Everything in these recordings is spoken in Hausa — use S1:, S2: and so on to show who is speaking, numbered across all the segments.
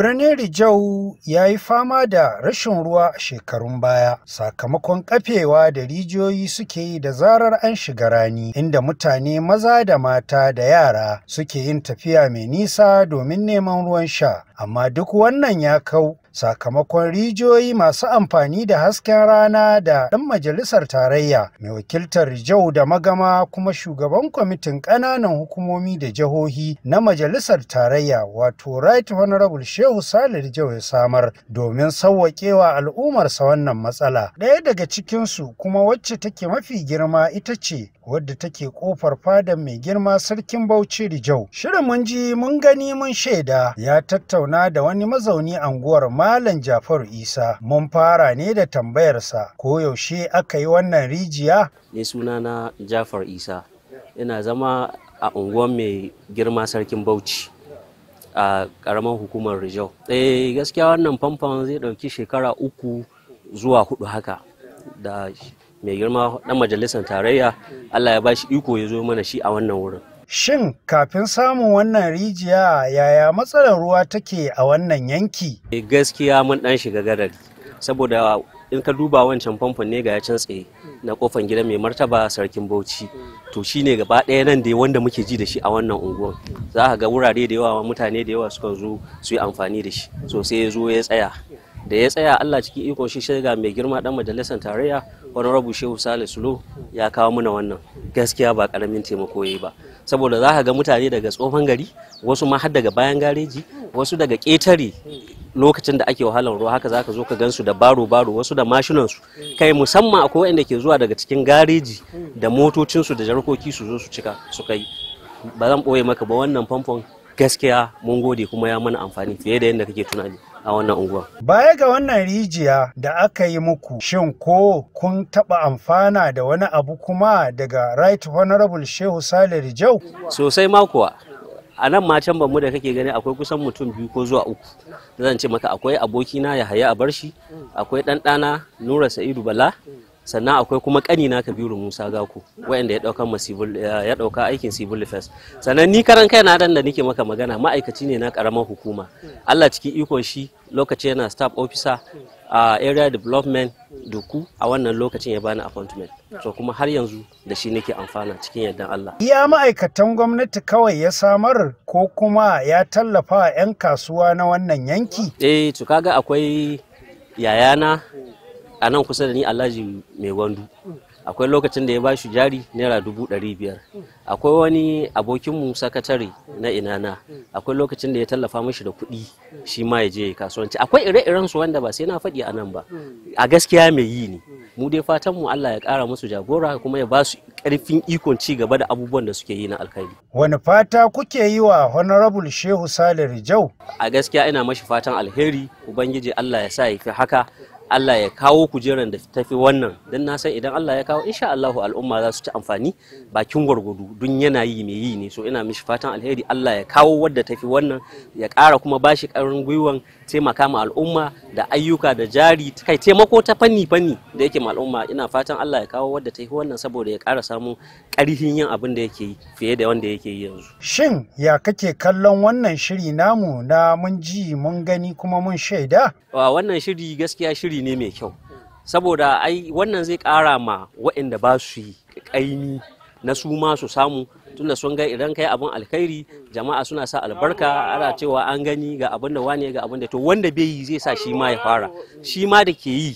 S1: Birnin Rijau ya yi fama da rashin ruwa a shekarun baya sakamakon kafewa da rijiyoyi suke yi da zarar an shiga rani inda mutane maza da mata da yara suke yin tafiya mai nisa domin neman ruwan sha amma duk wannan ya kau sakamakon rijiyoyi masu amfani da hasken rana da ɗan majalisar tarayya mai wakiltar jau da magama kuma shugaban kwamitin ƙananan hukumomi da jihohi na majalisar tarayya wato right honorable shehu salir jau ya samar domin sauwaƙewa al'ummarsa wannan matsala ɗaya daga cikinsu kuma wacce take mafi girma ita ce wadda take kofar fadan mai girma sarkin bauchi rijau shirin mun ji mun gani mun shaida ya tattauna da wani mazauni anguwar Malam Jafaru Isa mun fara ne da tambayarsa ko yaushe aka yi wannan rijiya?
S2: Ni na Jafar Isa, ina zama a unguwar mai girma sarkin Bauchi. a ƙaramin hukumar Rijau. Eh gaskiya wannan famfon zai ɗauki shekara uku zuwa hudu haka da mai girma ɗan majalisar tarayya Allah ya bashi iko ya zo mana shi a wannan wurin.
S1: Shin kafin samun wannan rijiya yaya matsalar ruwa take a wannan yanki?
S2: Eh, gaskiya mun dan shiga gadari saboda in ka duba wancan famfon ne ga can tsaye na kofan gida mai martaba sarkin Bauchi. To shine gaba ɗaya nan dai wanda muke ji da shi a wannan unguwar. Za ka ga wurare da yawa mutane da yawa sukan zo su yi amfani da shi. Sosai sai ya zo ya tsaya. da ya tsaya Allah cikin iko shi mai girma dan majalisar tarayya rabu Shehu Salisu Sulo ya kawo muna wannan gaskiya ba karamin taimako yayi ba saboda za ka ga mutane daga tsohon gari wasu ma har daga bayan gareji wasu daga ƙetare lokacin da ake wahalar ruwa haka zaka zo ka gansu da baro baro wasu da mashinansu kai musamman akwai wanda ke zuwa daga cikin gareji da motocinsu da jarkoki su zo su cika su kai ba zan ɓoye maka ba wannan famfon gaskiya mun gode kuma ya mana amfani fiye da yadda kake tunani a wannan unguwa.
S1: Baya ga wannan rijiya da aka yi muku shin ko kun taɓa amfana da wani abu kuma daga Right Honorable Shehu Salir
S2: Jau? Sosai makuwa a nan ma can bamu da kake gani akwai kusan mutum biyu ko zuwa uku zan ce maka akwai abokina ya haya a barshi akwai ɗanɗana nura sa'idu bala sannan akwai kuma kanina kabiru musa Gaku, wanda ya dauka ya dauka aikin civil defense sannan ni karan kai na dan da nake maka magana ma'aikaci ne na karamar hukuma allah cikin ikon shi lokaci yana staff officer a area development duku a wannan lokacin ya bani appointment To kuma har yanzu da shi nake amfana cikin yardan allah iya
S1: ma'aikatan gwamnati kawai ya samar ko kuma ya tallafa 'yan kasuwa na wannan yanki
S2: eh to kaga akwai yayana a nan kusa da ni alhaji mai wandu akwai lokacin da ya ba shi jari naira dubu ɗari biyar akwai wani abokinmu sakatare na inana akwai lokacin da ya tallafa mashi da kuɗi shi ma ya je kasuwanci akwai ire-iren su wanda ba sai na faɗi a nan ba a gaskiya mai yi ne mu dai fatan mu Allah ya ƙara musu jagora kuma ya ba su ƙarfin ikon ci gaba da abubuwan da suke yi na alkhairi
S1: wani fata kuke yi wa honorable shehu salir Jau?
S2: a gaskiya ina mashi fatan alheri ubangiji Allah ya sa ya fi haka Allah ya kawo kujeran da tafi wannan don na san idan Allah ya kawo insha Allahu al'umma za su ci amfani bakin gwargwado don yana yi mai yi ne so ina mishi fatan alheri Allah ya kawo wadda tafi wannan ya ƙara kuma bashi ƙarin gwiwan taimaka ma al'umma da ayyuka da jari kai taimako ta fanni fanni da yake ma al'umma ina fatan Allah ya kawo wadda tafi wannan saboda ya ƙara samun ƙarfin yin abin da yake yi fiye da wanda yake yi yanzu
S1: shin ya kake kallon wannan shiri namu na mun ji mun gani kuma mun shaida
S2: wannan shiri gaskiya shiri ne mai kyau saboda ai wannan zai ƙara ma waɗanda ba su yi kaini na su ma su samu tunda sun ga idan kai abin alkhairi jama'a suna sa albarka ana cewa an gani ga abin da wani ga abin da to wanda bai yi zai sa shi ma ya fara shi ma da ke yi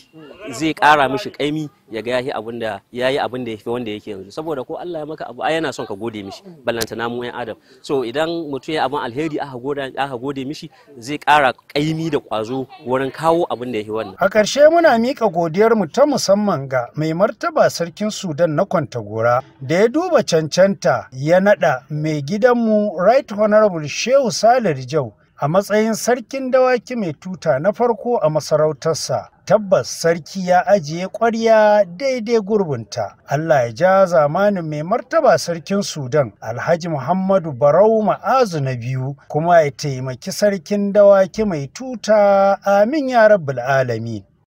S2: zai kara mishi kaimi ya ga yayi abin da yayi abin da wanda yake yanzu saboda ko Allah ya maka abu ai yana son ka gode mishi ballanta namu ɗan adam so idan mutum ya abin alheri aka gode aka gode mishi zai kara kaimi da kwazo wurin kawo abin da yake wannan
S1: a ƙarshe muna mika godiyar mu ta musamman ga mai martaba sarkin Sudan na Kwantagora da ya duba cancanta ya nada mai gidan mu Right Honorable Shehu Salir Jau a matsayin sarkin dawaki mai tuta na farko a masarautarsa tabbas sarki ya ajiye ƙwarya daidai gurbinta. Allah ya ja zamanin mai martaba sarkin Sudan Alhaji Muhammadu Barau Ma'azu na biyu kuma ya taimaki sarkin dawaki mai tuta amin ya rabbul alamin.